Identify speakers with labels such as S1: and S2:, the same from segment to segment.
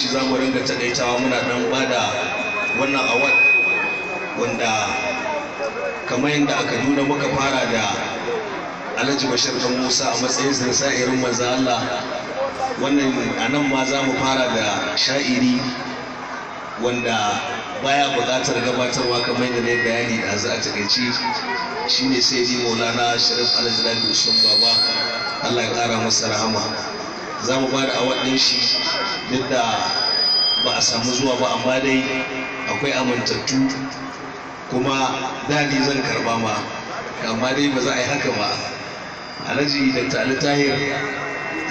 S1: lokaci za mu ringa taɗaitawa muna dan bada wannan award wanda kamar yadda a kaduna muka fara da alhaji bashir dan musa a matsayin zirsa irin manzo allah wannan a nan ma za mu fara da sha'iri wanda baya buƙatar gabatarwa kamar yadda na bayani da za a takaici shine sai ji maulana sharif alhaji usman baba allah ya kara masa rahama za mu ba da awaɗin shi duk da ba a samu zuwa ba amma dai akwai amintattu kuma dani zan karba ma amma dai ba za a yi haka ba alhaji da tali tahir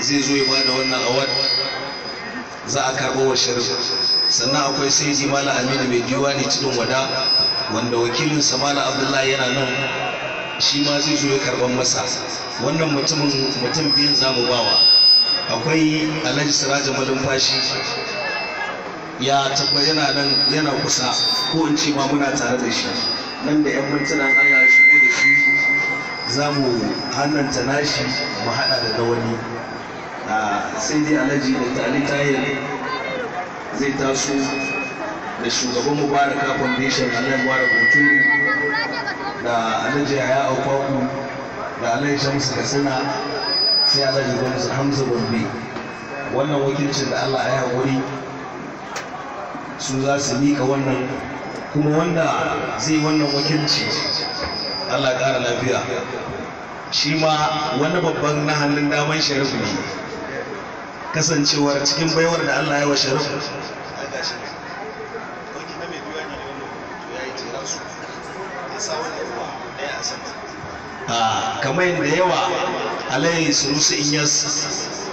S1: zai zo ya ba da wannan award za a karɓo wa shirin sannan akwai sai ji mala aminu mai ne cikin wada wanda wakilin samala abdullahi yana nan shi ma zai zo ya karɓar masa wannan mutum biyun zamu bawa akwai alhaji sirajin malumfashi ya tabba yana nan yana kusa ko in ce ma muna tare da shi nan da 'yan mintuna allah ya shigo da shi za mu hannanta nashi mu haɗa da na wani sai dai alhaji da tali tayar zai taso da shugaban mubaraka foundation a nan mubarak hunturu da alhaji ya akwaku da alhaji shamsu suna. sai Allah ya gwamnati hamza babbe wannan wakilcin da Allah ya haƙuri su za su miƙa wannan kuma wanda zai wannan wakilci Allah ƙara lafiya shi ma wani babban na hannun daman sharifu ne kasancewar cikin baiwar da Allah ya wa sharifu Thank you. kamar yadda yawa alayhi sunusu inyas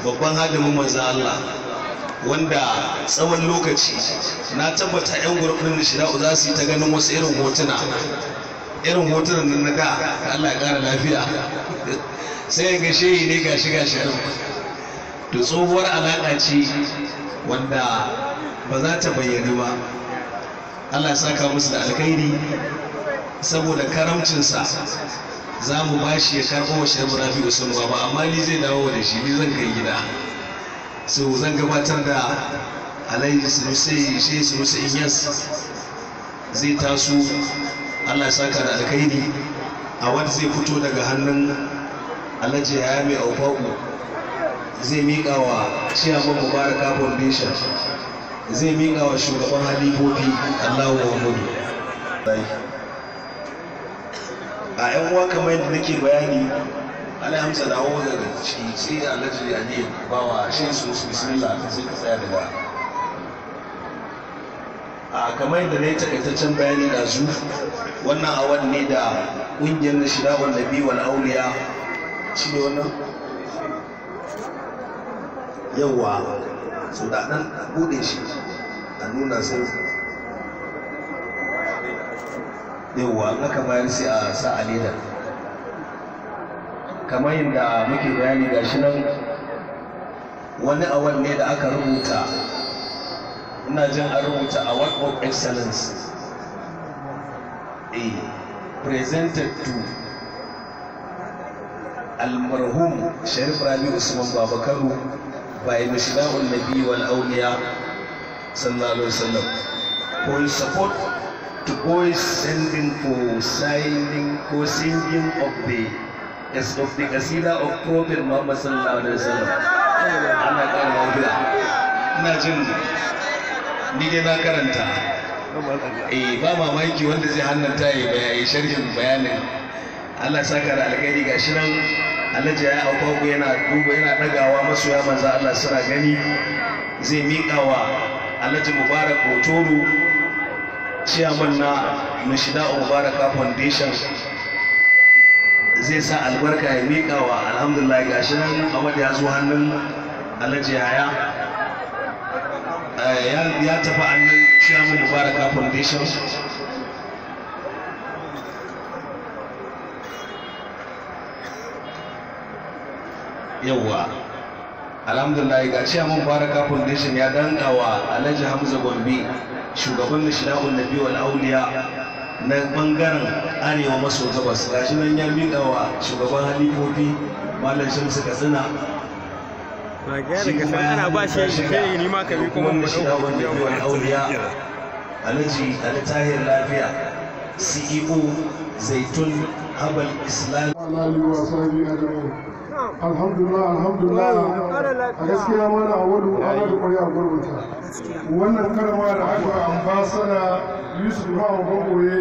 S1: babban hadimin manzo Allah wanda tsawon lokaci na tabbata yan gurbin nishira'u za su yi ta ganin wasu irin hotuna irin hotunan nan na da Allah ya kara lafiya sai ga shehi ne gashi gashi to tsohuwar alaƙa ce wanda ba za ta bayyana ba Allah ya saka musu da alkhairi saboda karamcinsa za mu ba shi ya karɓo wa shabu rafi usman baba amma ni zai dawo da shi ni zan kai gida so zan gabatar da alhaji sunusai shehi sunusai inyas zai taso allah saka da alkhairi a wanda zai fito daga hannun alhaji ya mai aufaku zai miƙa wa ciyaman mubarak foundation zai miƙa wa shugaban halifofi allahu wa mudu a yan uwa kamar yadda nake bayani ala hamsa da hawa daga ciki sai alhaji ya ne bawa shi su bismillah sai ka tsaya daga a kamar yadda na yi takaitaccen bayani da su wannan awan ne da ƙungiyar na shiga wanda biyu wani auliya shi ne wannan yawa su da ɗan buɗe shi a nuna sai an aka bayar sai a sa a leda kamar yadda muke bayani ga shi nan wani award ne da aka rubuta ina jin an rubuta award of excellence a eh, presented to almarhum sharif rabi usman babakaru by mishna'ul nabi wal awliya sallallahu alaihi wasallam for his support to boys sending for signing for singing of the as of the kasida of Prophet Muhammad sallallahu alaihi wasallam Anak anak lafiya ina jin ni dai na karanta eh ba mamaki wanda zai tay ya syarikat bayar bayanin Allah saka da kasihan. Allah nan apa ya yang yana buat, yang nak masoya manzo Allah suna gani zai miƙa wa Alhaji Mubarak Hotoro ciyaman na nishida mubaraka foundation zai sa albarka ya miƙa wa alhamdulillah shi nan abad ya zo hannun alhaji yaya eh, ya tafi hannun ciyaman mubaraka foundation yawwa alhamdulillah ga ciyaman baraka foundation ya danka wa alhaji hamza gombe shugaban lishina'un nabi wal auliya na bangaren arewa maso gabas gashi nan ya miƙa wa shugaban halifofi malam shamsu katsina shi kuma ana ba shi kai ni ma bi kuma mu dauka nabi wal auliya alhaji alitahir lafiya ceo zaitun هب الإسلام
S2: alhamdulillah alhamdulillah a gaskiya mana a wadu a wadu kwari a gurbinta wannan karama da aka ambasada yusuf ma'amman goye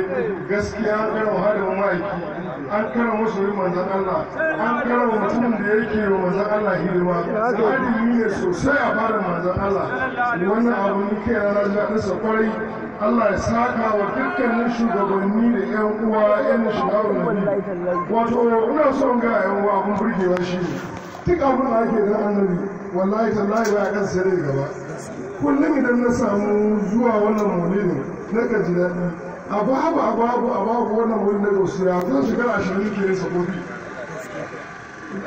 S2: gaskiya karama hadin ma'aiki an kara yi manzan Allah an kara mutumin da yake wa manzan Allah hidima adili ne sosai a fara manzan Allah wani abu muke yana jaɗinsa kwarai Allah ya saka wa dukkanin shugabanni da 'yan uwa 'yan shigarun nabi wato ina son ga 'yan uwa abin burgewa shi duk abin da ake da annabi wallahi tallahi ba a kan sai gaba kullum idan na samu zuwa wannan maulidin na gaji daɗi a babu a babu a babu wannan wani na gausura zan shekara ashirin ke nesa kofi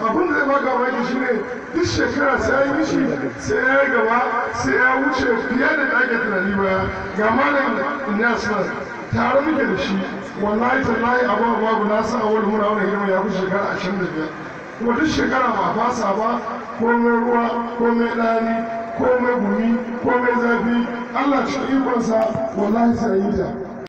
S1: abin da zai baka baki shi ne duk shekara sai ya yi mishi sai ya yi gaba sai ya wuce
S2: fiye da ake tunani baya ga malam nasman tare muke da shi wallahi tallahi abu babu na sa awal mura wani girma ya fi shekara ashirin da biyar kuma duk shekara ba fasa ba komai ruwa komai ɗani komai gumi komai zafi allah cikin ikonsa wallahi sai yi ta